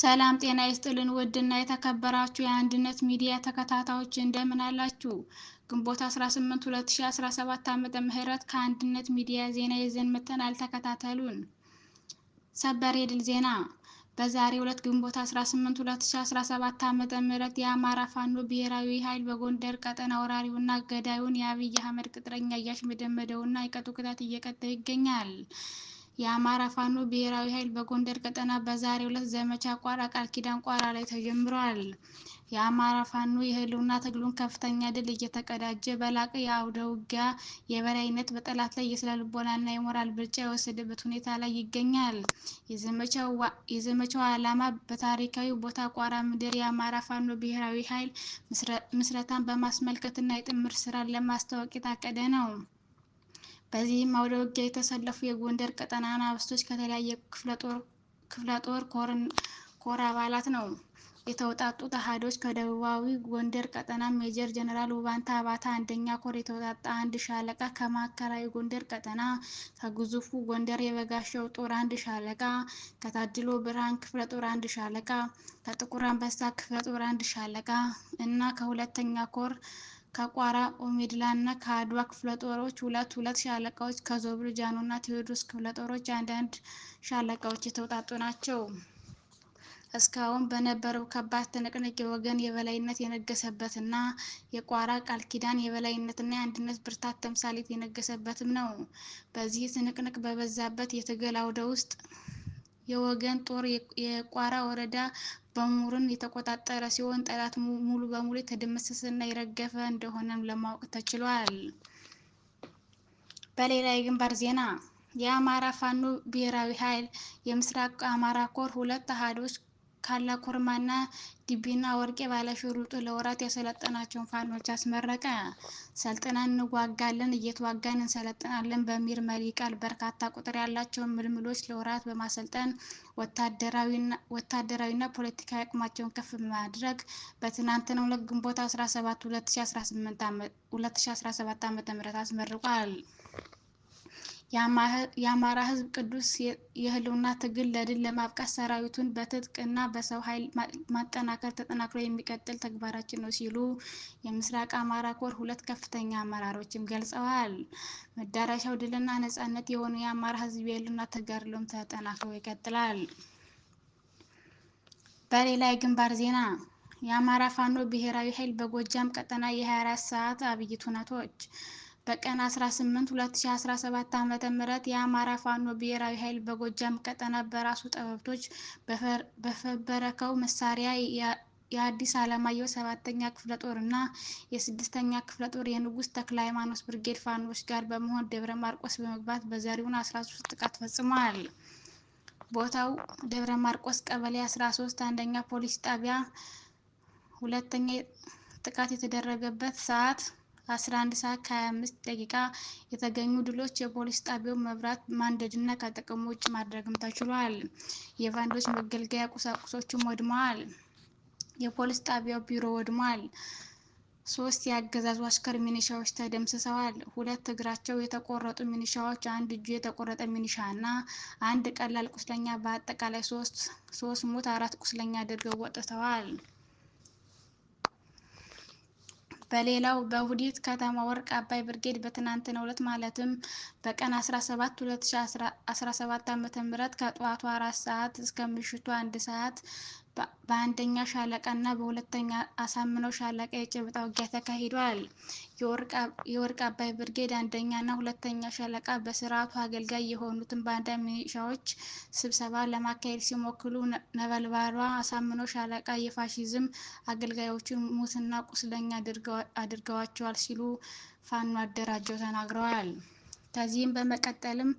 ሰላም ጤና ይስጥልን ውድና የተከበራችሁ የአንድነት ሚዲያ ተከታታዮች እንደምን አላችሁ? ግንቦት 18 2017 ዓመተ ምህረት ከአንድነት ሚዲያ ዜና ይዘን መጥተናል። ተከታተሉን። ሰበር የድል ዜና በዛሬ ሁለት ግንቦት 18 2017 ዓመተ ምህረት የአማራ ፋኖ ብሔራዊ ኃይል በጎንደር ቀጠና ወራሪውና ገዳዩን የአብይ አህመድ ቅጥረኛ እያሽመደመደውና የቀጡ ቅጣት እየቀጠ ይገኛል። የአማራ ፋኖ ብሔራዊ ኃይል በጎንደር ቀጠና በዛሬ ሁለት ዘመቻ ቋራ ቃል ኪዳን ቋራ ላይ ተጀምሯል። የአማራ ፋኖ የህልውና ትግሉን ከፍተኛ ድል እየተቀዳጀ በላቀ የአውደ ውጊያ የበላይነት በጠላት ላይ የስነ ልቦናና የሞራል ብልጫ የወሰደበት ሁኔታ ላይ ይገኛል። የዘመቻው ዓላማ በታሪካዊ ቦታ ቋራ ምድር የአማራ ፋኖ ብሔራዊ ኃይል ምስረታን በማስመልከትና የጥምር ስራን ለማስታወቅ የታቀደ ነው። በዚህም አውደ ውጊያ የተሰለፉ የጎንደር ቀጠና አናብስቶች ከተለያየ ክፍለ ጦር ኮር አባላት ነው የተውጣጡት። አሃዶች ከደቡባዊ ጎንደር ቀጠና ሜጀር ጀነራል ውባንታ አባታ አንደኛ ኮር የተውጣጣ አንድ ሻለቃ፣ ከማዕከላዊ ጎንደር ቀጠና ከግዙፉ ጎንደር የበጋሻው ጦር አንድ ሻለቃ፣ ከታድሎ ብርሃን ክፍለ ጦር አንድ ሻለቃ፣ ከጥቁር አንበሳ ክፍለ ጦር አንድ ሻለቃ እና ከሁለተኛ ኮር ከቋራ ኦሜድላ እና ከአድዋ ክፍለ ጦሮች ሁለት ሁለት ሻለቃዎች ከዞብል ጃኖ እና ቴዎድሮስ ክፍለ ጦሮች አንዳንድ ሻለቃዎች የተውጣጡ ናቸው። እስካሁን በነበረው ከባድ ትንቅንቅ የወገን የበላይነት የነገሰበት እና የቋራ ቃል ኪዳን የበላይነት እና የአንድነት ብርታት ተምሳሌት የነገሰበትም ነው። በዚህ ትንቅንቅ በበዛበት የትግል አውደ ውስጥ የወገን ጦር የቋራ ወረዳ በሙርን የተቆጣጠረ ሲሆን ጠላት ሙሉ በሙሉ የተደመሰሰና የረገፈ እንደሆነም ለማወቅ ተችሏል። በሌላ የግንባር ዜና የአማራ ፋኖ ብሔራዊ ኃይል የምስራቅ አማራ ኮር ሁለት አሃዶች ካላ ኮርማና ዲቢና ወርቄ ባለሽሩጡ ለወራት ያሰለጠናቸውን ፋኖች አስመረቀ። ሰልጥነን እንዋጋለን፣ እየተዋጋን እንሰለጥናለን በሚል መሪ ቃል በርካታ ቁጥር ያላቸውን ምልምሎች ለወራት በማሰልጠን ወታደራዊና ፖለቲካዊ አቅማቸውን ከፍ በማድረግ በትናንትናው ዕለት ግንቦት 17 2017 ም አስመርቋል። የአማራ ሕዝብ ቅዱስ የህልውና ትግል ለድል ለማብቃት ሰራዊቱን በትጥቅ እና በሰው ኃይል ማጠናከር ተጠናክሮ የሚቀጥል ተግባራችን ነው ሲሉ የምስራቅ አማራ ኮር ሁለት ከፍተኛ አመራሮችም ገልጸዋል። መዳረሻው ድልና ነጻነት የሆኑ የአማራ ሕዝብ የህልውና ተጋድሎም ተጠናክሮ ይቀጥላል። በሌላ የግንባር ዜና የአማራ ፋኖ ብሔራዊ ኃይል በጎጃም ቀጠና የ24 ሰዓት አብይት ሁነቶች በቀን 18 2017 ዓ.ም የአማራ ፋኖ ብሔራዊ ኃይል በጎጃም ቀጠና በራሱ ጠበብቶች በፈበረከው መሳሪያ የአዲስ ዓለማየሁ ሰባተኛ ክፍለ ጦር እና የስድስተኛ ክፍለ ጦር የንጉሥ ተክለ ሃይማኖት ብርጌድ ፋኖች ጋር በመሆን ደብረ ማርቆስ በመግባት በዘሪውን 13 ጥቃት ፈጽመዋል። ቦታው ደብረ ማርቆስ ቀበሌ 13 አንደኛ ፖሊስ ጣቢያ ሁለተኛ ጥቃት የተደረገበት ሰዓት 11 ሰዓት ከ25 ደቂቃ የተገኙ ድሎች የፖሊስ ጣቢያውን መብራት ማንደድና ከጥቅም ውጭ ማድረግም ተችሏል። የቫንዶች መገልገያ ቁሳቁሶችም ወድመዋል። የፖሊስ ጣቢያው ቢሮ ወድሟል። ሶስት የአገዛዙ አሽከር ሚኒሻዎች ተደምስሰዋል። ሁለት እግራቸው የተቆረጡ ሚኒሻዎች፣ አንድ እጁ የተቆረጠ ሚኒሻ እና አንድ ቀላል ቁስለኛ በአጠቃላይ ሶስት ሶስት ሙት አራት ቁስለኛ አድርገው ወጥተዋል። በሌላው በሁዲት ከተማ ወርቅ አባይ ብርጌድ በትናንትናው ዕለት ማለትም በቀን 17 2017 ዓ.ም ከጠዋቱ 4 ሰዓት እስከ ምሽቱ አንድ ሰዓት በአንደኛ ሻለቃ እና በሁለተኛ አሳምነው ሻለቃ የጨበጣ ውጊያ ተካሂዷል። የወርቅ አባይ ብርጌድ አንደኛ እና ሁለተኛ ሻለቃ በስርዓቱ አገልጋይ የሆኑትን ባንዳ ሚሊሻዎች ስብሰባ ለማካሄድ ሲሞክሉ ነበልባሏ አሳምነው ሻለቃ የፋሽዝም አገልጋዮቹን ሙትና ቁስለኛ አድርገዋቸዋል ሲሉ ፋኖ አደራጀው ተናግረዋል። ከዚህም በመቀጠልም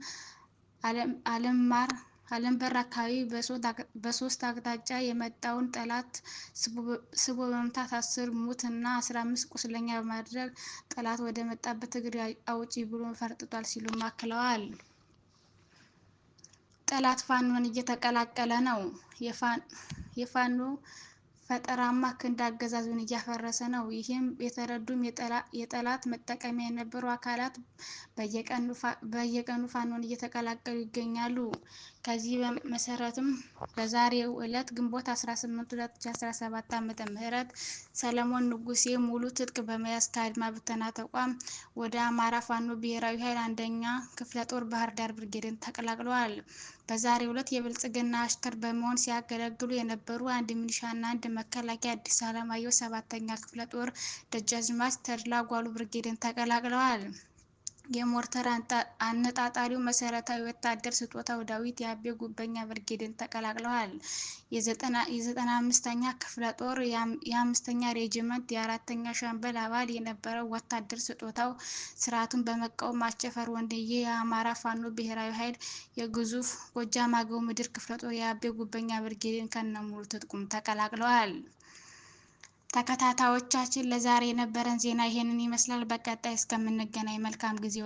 ማር ። አለም በር አካባቢ በሶስት አቅጣጫ የመጣውን ጠላት ስቦ በመምታት አስር ሙት እና አስራ አምስት ቁስለኛ በማድረግ ጠላት ወደ መጣበት እግር አውጪ ብሎ ፈርጥቷል ሲሉ ማክለዋል። ጠላት ፋኖን እየተቀላቀለ ነው። የፋኖ ፈጠራማ ክንድ አገዛዙን እያፈረሰ ነው። ይህም የተረዱም የጠላት መጠቀሚያ የነበሩ አካላት በየቀኑ ፋኖን እየተቀላቀሉ ይገኛሉ። ከዚህ መሰረትም በዛሬው ዕለት ግንቦት 18 2017 ዓ.ም ሰለሞን ንጉሴ ሙሉ ትጥቅ በመያዝ ከአድማ ብተና ተቋም ወደ አማራ ፋኖ ብሔራዊ ኃይል አንደኛ ክፍለ ጦር ባህር ዳር ብርጌድን ተቀላቅለዋል። በዛሬ ዕለት የብልጽግና አሽከር በመሆን ሲያገለግሉ የነበሩ አንድ ሚኒሻና አንድ መከላከያ አዲስ አለማየሁ ሰባተኛ ክፍለ ጦር ደጃዝማች ተድላ ጓሉ ብርጌድን ተቀላቅለዋል። የሞርተር አነጣጣሪው መሰረታዊ ወታደር ስጦታው ዳዊት የአቤ ጉበኛ ብርጌድን ተቀላቅለዋል። የዘጠና አምስተኛ ክፍለ ጦር የአምስተኛ ሬጅመንት የአራተኛ ሻምበል አባል የነበረው ወታደር ስጦታው ስርዓቱን በመቃወም አቸፈር ወንድዬ የአማራ ፋኖ ብሔራዊ ኃይል የግዙፍ ጎጃም አገው ምድር ክፍለ ጦር የአቤ ጉበኛ ብርጌድን ከነሙሉ ትጥቁም ተቀላቅለዋል። ተከታታዮቻችን ለዛሬ የነበረን ዜና ይሄንን ይመስላል። በቀጣይ እስከምንገናኝ መልካም ጊዜ